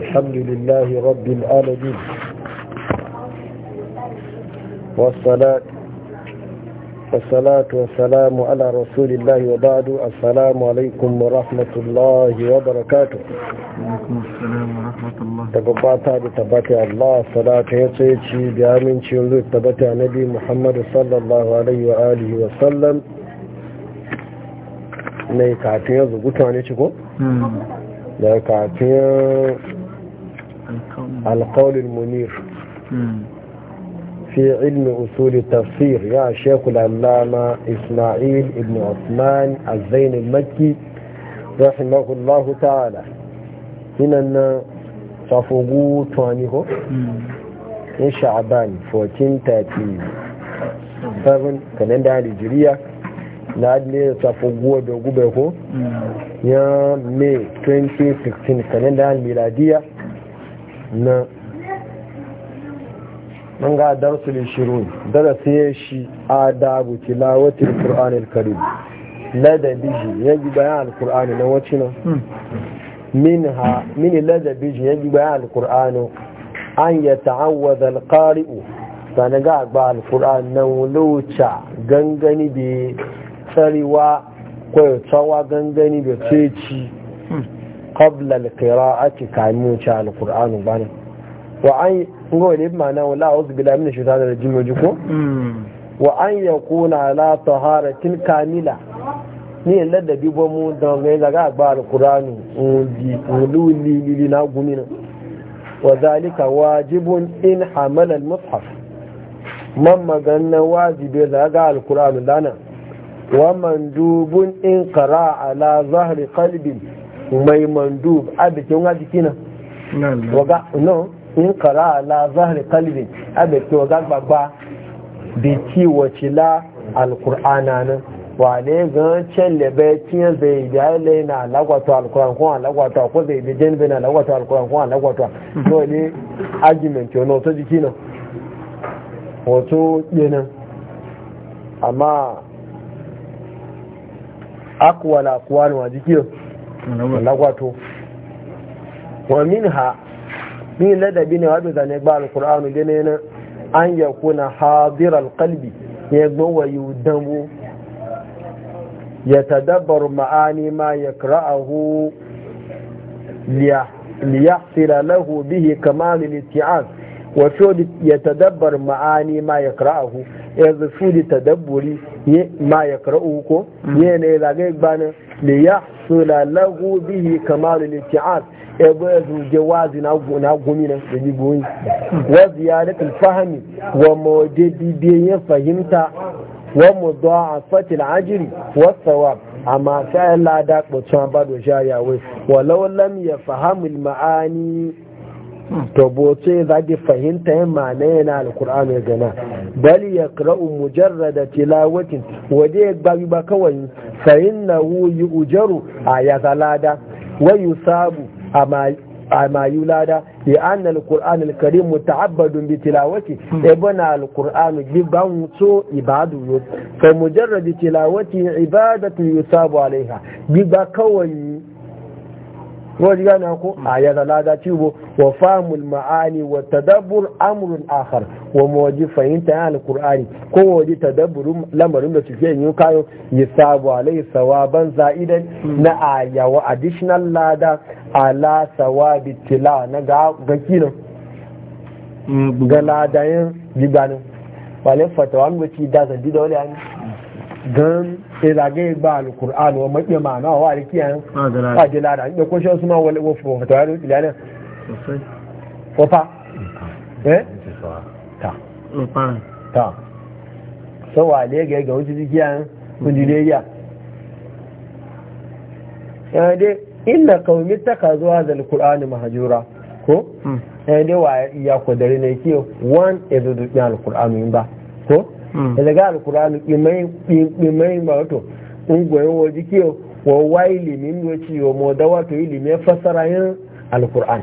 الحمد لله رب العالمين والصلاة والصلاة والسلام على رسول الله وبعد السلام عليكم ورحمة الله وبركاته عليكم السلام ورحمة الله تقبعتا بتبتع الله صلاة يتيتي بأمين شلو تبتع نبي محمد صلى الله عليه وآله وسلم نيكاتين زبطاني تقول daga cikin alkaunin munir hmm. fi ilmi usuli tafsir ya shekula lama isma'il ibn osman azainin maki rahimahullahu ta'ala ina na safugu 20 hmm. in sha'aban 1430 7 kalenda hajjiriya na adile safo guwa da gube ko ya may 2016 kalenda miladiya na an ga darsul shirun ya shi adabu tilawatil qur'anil karim ladabi ji yaji bayan alqur'ani na wacce nan minha min ladabi ji yaji bayan alkur'ani an yata'awwadha alqari'u sana ga ba alkur'ani na wulucha gangani biye. tsarewa kwayo tsawa gangani da ceci qabla alqira'ati kamin ci ba ne wa an ngo ne ma'ana wala a'udhu billahi shi, ta da jimo jiko. wa an la tahara taharatin kamila ni ladabi bo mu don ga zaga ba alqur'anu undi ululi na gumina wa zalika wajibun in hamala almushaf man maganna wajibi daga alqur'anu lana wa mandubun in qara ala zahri qalbin mai mandub abikin wa jikina waga no in qara ala zahri qalbin abikin waga gbagba bi ki wacila alqur'ana nan wa ne gan can lebe tiyan zai da lai na alagwato alkuran kun alagwato ko zai bi jan bin alagwato alkuran kun alagwato to ne argument yo no to jikina wato kenan amma akwal akwal wa jikin lagwato wa ha min ladabi ne wadda zane gba alkur'anu gane na an ya kuna hadir alkalbi ya gbawa yi dambo ya tadabbar ma'ani ma ya kra'ahu liyahsila lahu bihi kamalul isti'az wa Ya yatadabbar ma'ani ma ya yanzu fi da tadabburi ma ya karau ko ne ne zagaye gbanin da ya sula lagu bihi kamalu liti'as ya bai wazi na gumi nan da jigoyi wa ziyadatul fahimi wa mawjadidiyan fahimta wa mudha'afatil wasu wa A amma sai lada da kwacin ba do shayawai walau lam yafahamul ma'ani to boce za ki fahimta yin ma'ana yana alkur'an ya gana bal ya kra'u da tilawatin waje ya gbabi ba kawai fahim na yi ujaru a ya zalada wayu sabu a mayu lada ya an alkur'an alkarim muta'abbadun bi tilawati ibana hmm. alkur'an bi ban so ibadu yo fa da tilawati ibadatu yusabu alaiha bi ba kawai wani gane ko mm. a ya zalaga cibo wa famul ma'ani wa tadabbur amrun akhar wa mawaji fahimta ya alkur'ani ko waje tadabburin lamarin da suke yin kayo ya sabu alai sawaban za'idan mm. na aya wa additional lada ala sawabi tila na ga sai zage ba alkur'an wa maɗi ma'ana wa wari kiyan fadila da ɗan kwashe su ma wani wofu wa fatawa yaro ilanin fofa eh ta ta so wa le ga wasu wuce jikiyan kunjiliya mm-hmm. ya dai inna qaumi takazu hadha alqur'an mahjura ko eh dai wa ya ko dare ne kiyo wan ezudu alkur'an yin ba ko daga alkur'ani imai ba wato ungoyin wa jike wa wai limin wace wa moda wato yi ilimin fasara yin alkur'ani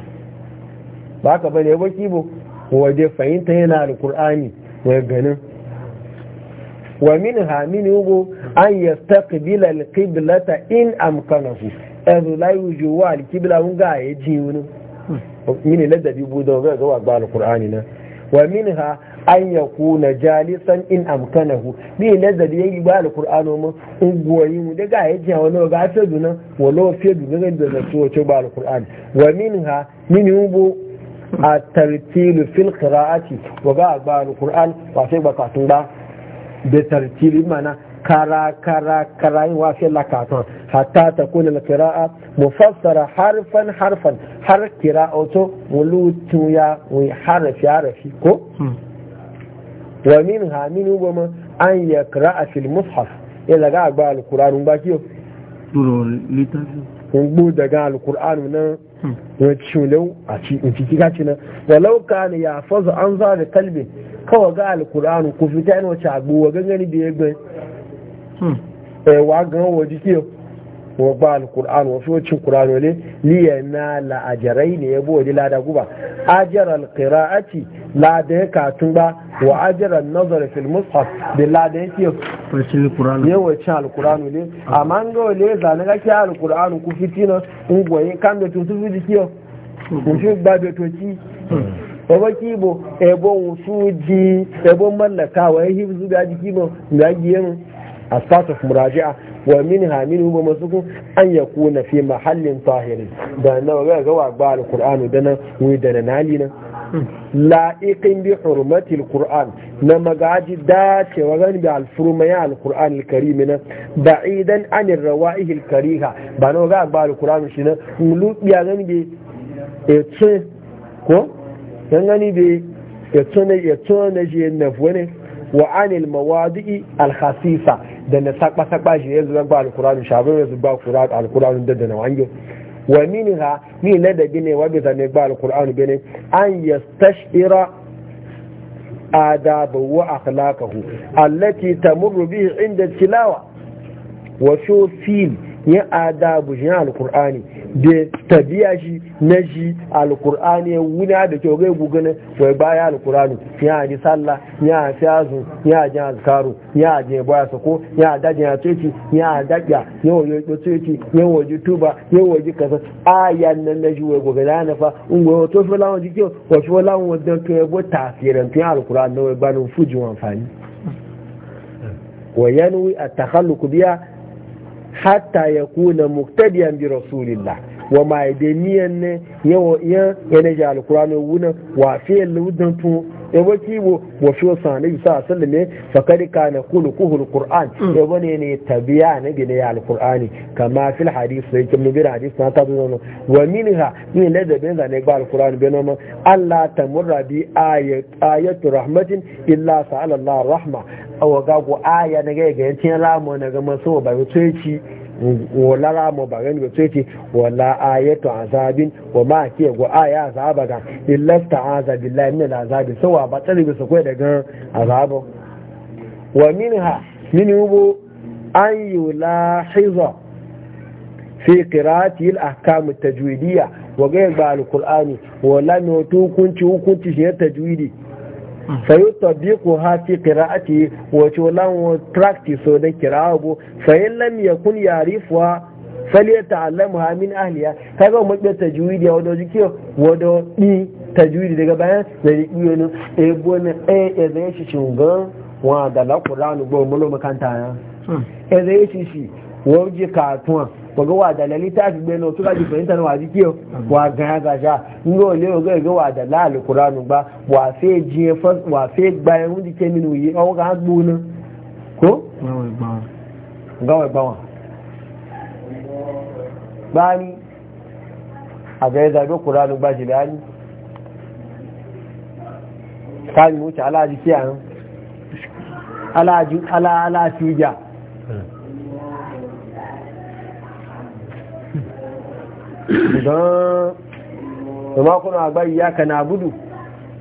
ba ka bane ba kibo waje fahimta yana alkur'ani wa ganin wa min ha min yugo an yastaqbila alqiblata in amkanahu azu la wa alqibla mun ga yaji wani hmm. min ladabi bu da ga ga alkur'ani na wa min ha an ya kuna jalisan in amkanahu bi nazari yayi ba alqur'ano mu ungoyi mu daga ya ji wani ga asadu nan wala fi dunan da zato wace ba alqur'ani wa minha min yubu at-tartil fil qira'ati wa ga ba alqur'an wa sai ba katun da da tartil mana kara kara kara yin la katun hatta ta kuna kira'a mufassara harfan harfan har kira'oto mulutun ya harafi harafi ko hmm. wa min ha min ma an ya kira a fil mushaf ya a agba alkur'anu ba kiyo kun gbo daga alkur'anu na hmm. lewu a kika ci na walau ka ne ya faza an za da kalbin kawa ga alkur'anu ku fita ina wace agbo wa gangani da ya gani wa gan wa jikiyo wa ba alkur'anu wa fi wacin kur'anu ne liya na la'ajarai ne ya bude da lada guba ajiyar alkira'ati ladayen katun ba wa ajiyar nazar fil mushaf da ladayen ke yawacin alkuranu ne A ga wale zane ga ke alkuranu ku fitina ungwaye kan da tun su ba da su wa yi hibzu da da muraji'a wa minha minhu ba masuku an yakuna fi mahallin tahirin da na ga ga wa ba da wi da na la'iqin bi hurmatil qur'an na magaji dacewa gani bi alfurmaya alqur'an alkarim na ba'idan anir rawa'ihi kariha ba na ga ba alqur'an shi na mulubiya gani bi etun ko dan gani bi etun ne etun ne je nafwane wa anil mawadi'i alkhasisa da na sakpa sakpa shi yanzu ba alqur'an shabin yanzu ba alqur'an alqur'an da da na wange ومنها مين لدى جنيه وابذا نقبال القرآن بني أن يستشعر آدابه وأخلاقه التي تمر به عند التلاوة وشوف فيه ya adabu shi alkur'ani da tabiya shi na shi alkur'ani ya wuna da kyau gai gugana wai baya alkur'ani ya ji sallah ya fi azu ya ji azkaru ya ji baya sako ya dajin ya tsoci ya daɗa ya waje tsoci ya waje tuba ya waje kasa ayan nan na shi wai gugana na fa in gwai wato fi lawan jikin wasu lawan wajen to ya bo tafirantun alkur'ani na wai gbanin fujin amfani wa yanwi biya hatta ya kuna muktadiyan bi rasulillah wa ma idaniyan ne yawa yan yana ji alkurani wuna wa fiye ludan tun yabo bo bo fi wasu hannun sa sallame fakari ka na kulu kuhul qur'an mm. yabo ne ne tabiya ne gina ya alqur'ani kama fil hadis sai kin bi hadis na ta zo wa minha ni ne da ben ne ba alqur'ani ben ma Allah tamurra bi ayat ayatu rahmatin illa sa'ala Allah rahma aw ga go aya ne ga ga tin ramu ne ga maso ba sai ci wala rama ba gani wato ce wala ayatu azabin wa ma ke go aya azaba ga illa ta'aza billahi min azabi sawa ba tsare bisa koyi daga azabo wa minha min yubu an yulahiza fi qira'ati al-ahkam at-tajwidiyya wa ga ba al-qur'ani wala no hukunci hukunci shi tajwidi fayu tabiqu ha fi qira'ati wa to lan practice so da kira'abu fa in lam yakun yarifu yarifuha falyata'allamha min ahliya kaga mu da tajwidi wa do jikiyo wa do di tajwidi daga bayan da jikiyo no e bona e e da shi shungan wa da la qur'an go mulo makanta ya e da shi shi wa ji katun waga wa da lalita fi gbeno fahimta na waji kiyo wa ganya gasha ngo ole oga ga wa da lal ba wa fe jiye fa wa fe gba e hundi ke minu yi ga gbo na ko wa gba wa a ga ga ba ji bani kan mu alaji kiyan alaji ala ala don zama kuna agba iyaka na gudu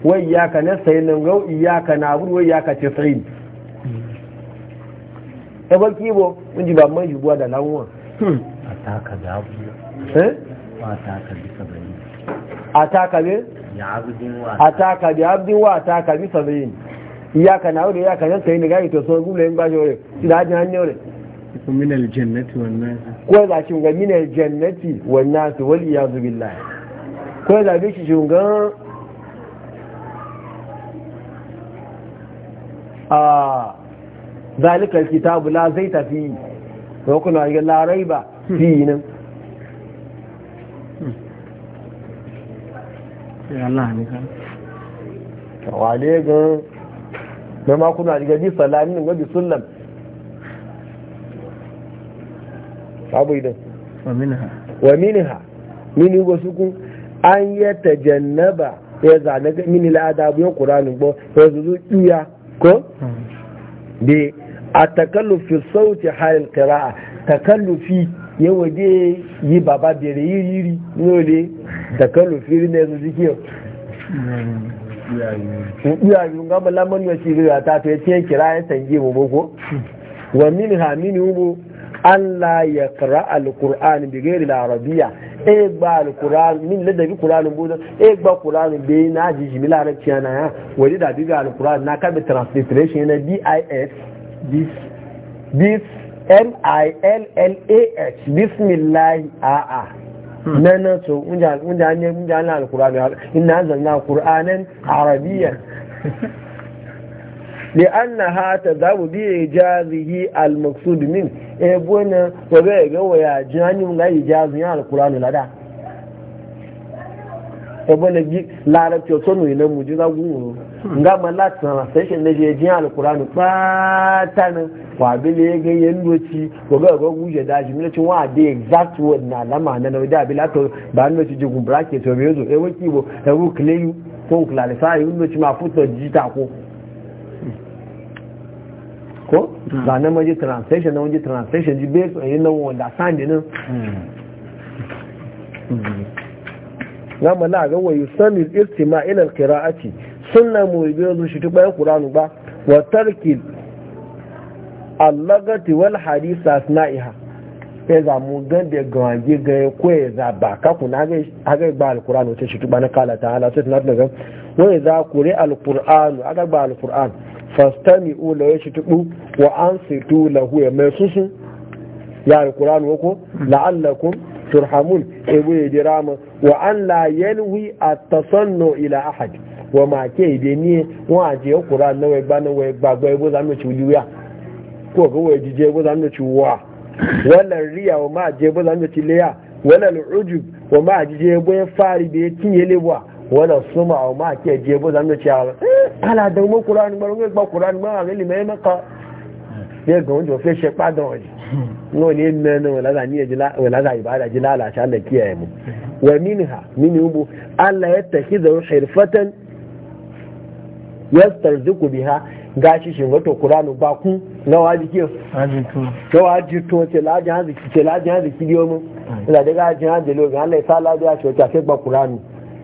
wai iyaka na nan gau iyaka na gudu wai iyaka ce bo mun ji ba mai yiwuwa da lanwa a taka da abu eh a taka bisa bayi a taka ne a taka da abdin wa a taka bisa bayi iyaka na gudu iyaka na sayi ne to sun gumle ba shi shi da hajji wannan ko za shi ga mina jannati wan nasu wal iyad billah ko za bi shi shunga a zalika alkitabu la zai tafi ko kuna ga la raiba fi nan Allah ne kan wale ga na ma kuna ga bi salamin ga bi sallam babu wa minha mini ba suku an ya tajannaba ya zane mini la'adabu ya qur'ani bo ya zuzu iya ko de hmm. a takallufi sauti halin qira'a takallufi ya waje yi baba bere yiri yiri nole takallufi ne zuzu kiyo hmm. iya yi ga malaman ya shi ta ta ya ce kira ya tangi mu boko hmm. wa min ha mini ubu Allah ya kira alkur'ani bi gairi larabiya e gba alkur'ani min lada bi kur'ani bu e gba kur'ani be na jiji mi larabci na ya wani da bi ga alkur'ani na kabi transliteration yana bis bis m i l l a h bismillah a na na to unja an ne unja na alkur'ani inna anzalna qur'anan Arabiya. لأنها تذهب بإجازه المقصود منه إبونا وبيغا ويا جاني من إجازه على القرآن لدى la جي لا ربك يصنو إلى مجيزة قوله nga mala tsara na da je jiya alkurani fatan wabile ya ga yandoci ko ga ga guje da shi milacin wa da exact word na lama na da bila to ba nuna ci jigun bracket to me yazo eh waki bo kleyu ko ci ma futo jita ko ko ba hmm. na maji translation na waje translation ji bai on na nawon wanda sandi nan na hmm. mala ga wayo sami istima ila sun na mu biyar zu shi bayan kuranu ba wa tarki allagati wal na iha ya e zamu gan da gawage ga ko ya za ba ka kuna ga aga ba alkuranu ta shi tuba na kala ta'ala sai na gan wani za kuri alkuranu aga ba alkuranu fastami ula ya shi tuɓu wa an situ lahu ya mai susu ya alkur'an wako la'allakun turhamun ebu ya jira mu wa an la yalwi a tasanno ila ahad wa ma ke de ni a je qur'an na we gba na we gba gba ebo zanu ci wuya ko ga we jije ebo zanu ci wa wala riya wa ma je ebo zanu ci leya wala al wa ma jije ya e e fari da ya kinye lebuwa wala suma a ma ke jebo zan da ciya ala da eh, mu qur'ani ba ngai ba qur'ani ma ga lima ma ka ya ga wanda fe she pa da wani no ne ne ne wala ga ni e jila wala ga ibada jila la sha Allah kiyaye mu wa minha min yubu alla yattakhidhu hirfatan yastarziqu biha gashi shi wato qur'ani ba ku na waji ke to waji to ce la ji haziki ce la ji haziki diyo mu da mm. daga ji haziki lo ga Allah ya sa la ji a ce ta fe ba qur'ani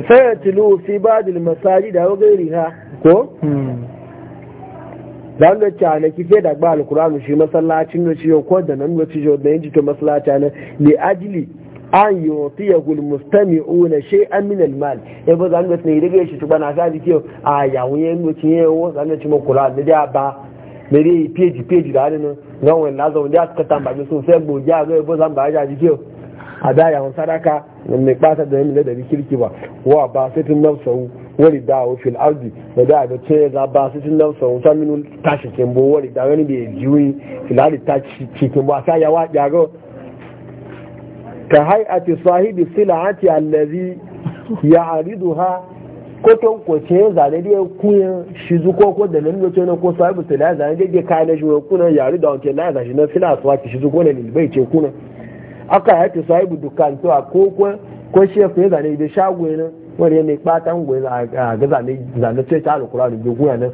fayatilu fi badil masaji da wa gairi ha ko dan da ta na kife da ba alqur'anu shi masallacin da ciyo ko da nan da ciyo da yin to masallaci ne li ajli an yutiyahu almustami'una shay'an min almal e ba zan da ne rige shi to na ga dikiyo a yawun yin da ciyo zan da ci mu qur'an da ba mere page page da nan nan wannan lazawun da aka tambaye su sai goja ga ba zan ba ja dikiyo a da yawon sadaka mai ɓata da yamile da kirki ba wa ba tun nafsahu wani da wa fil ardi da da ga ce za ba tun nafsahu ta minu tashi kimbo wani da wani da ya jiwi fil ardi tashi kimbo a sa yawa yaro ka hai'ati sahibi ti allazi ya aridu ha ko ton ko ce zane da kuya shi zuko ko da nan wato na ko sahibi sila zane da ke kayan shi kuna yari da wanke na zashi na sila suwa ki shi zuko ne bai ce kuna aka haifi sahibu dukkan cewa ko ko shef ne zane da shago ne wani ne kpatan gwe a ga zane zane ce ta alkurani bi guya nan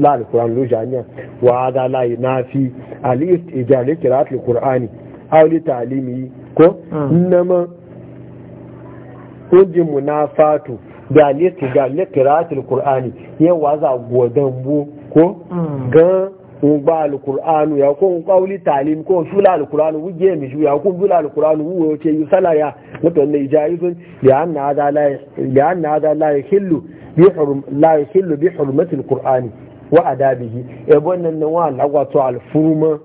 la alkurani lo jami'a wa hada la yunafi al istijari qira'at alkurani aw li ta'limi ko hmm. nama kujin munafatu da al istijari qira'at alkurani yawa za godan bu ko hmm. ga ba alkur'anu ya kun qawli talim ko sula alkur'anu wuje mi ju ya kun bula alkur'anu wo ce yi salaya ya mutan ne jaizun li anna hada la li yahillu bi hurum la yahillu bi hurmati wa adabihi e wannan nan wa lagwato alfuruma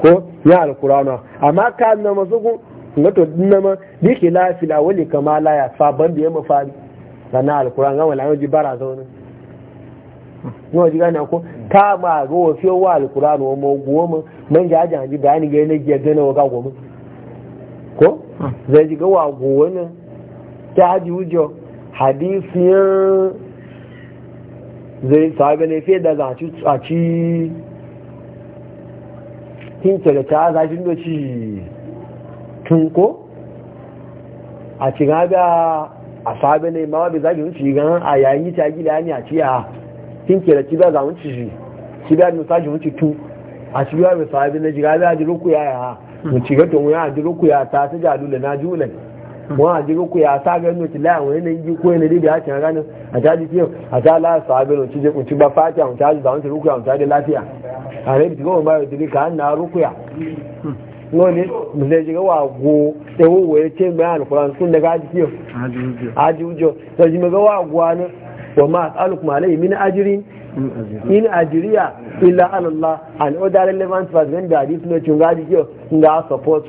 ko ya alkurana amma ka na mazugu ngato dinama bi khilafil awli kama la ya fa ban biye mafari sana alkur'an ga wala ji bara zauna yau ji gane ko ta ma ga wafi wa alkur'ani wa mu man ji ajan ji bayani ga hmm. ne ji gane wa ga goma ko zai ji ga wa na ta haji wujo hadisiyan zai ne fiye da zaci a ci hinta da ta da ci tun ko a ci gaba a ne ma wabi wuce gan a yayin yi a tinke da cibiya za mu shi cibiya mu sashi mu tu a cibiya mu sahabi na jiga ya ji ruku ya mu ci ga tun ya ruku ya ta ta jadu da na mu a ruku ya ta ga nuci la wani nan ji ko ne dai ya ci ganin a ta ji fiyo a ta la sahabi mu ci je mu ci ba fatiha mu ta ji ruku ya mu ta da lafiya a rai bi ko ba da ka na ruku ya lónìí mùsùlùmí wà wo wa ma as'alukum alayhi min ajrin in ajriya illa ala Allah an oda relevant was when the hadith no chunga di yo nga support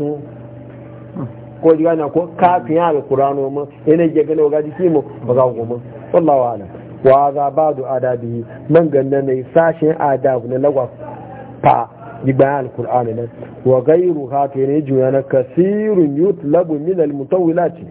ko diga na ko ka kafin alqur'ano mu ene je gane ga di kimo ba ga ko mu wallahu alam wa za ba'du adabi man ganna ne sashin adabu ne lagwa fa diba alqur'ano nan wa ghayru ha to ne juyana kasirun yutlabu min almutawilati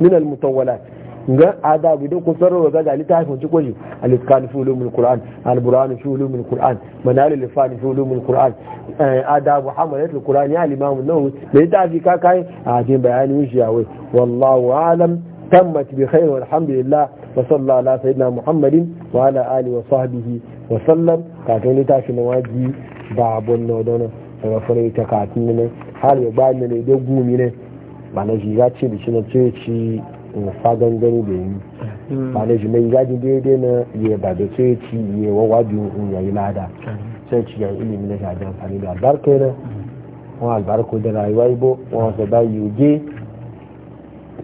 min almutawilati nga adabu don kusan rawar zaga ali ta haifin cikin alifkan fi ulumin kur'an alburan fi ulumin kur'an manali lifan fi ulumin kur'an eh, adabu hamadu fi kur'an ya limamu nan da ya tafi kakai a cikin bayani wuce yawai wallahu alam tammat bi khair alhamdulillah wa sallallahu ala sayyidina muhammadin wa ala alihi wa sahbihi wa sallam kafin ni tashi na waji babun nodono daga furai ta kafin ne har ya bani ne da gumi ne ba na ya ce da shi na ce ci fagan gani da yi ba na jimai gaji daidai na ya ba da sai ci ya wawa biyu ya yi lada mm. sai ci ya ilimi na shaɗi amfani da albarka yana mm. wani albarka da rayuwa ibo wani wasu ba yi uge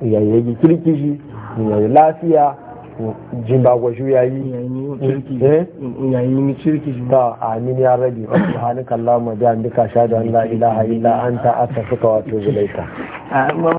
ya yi yi kirkishi mm. ya yi lafiya jin ba gwashu ya yi ya yi ni kirkishi eh? ta amin ya rabi wasu hannun kallon mu da an duka shaɗi an la'ila ha'ila an ta asa suka wato zulaita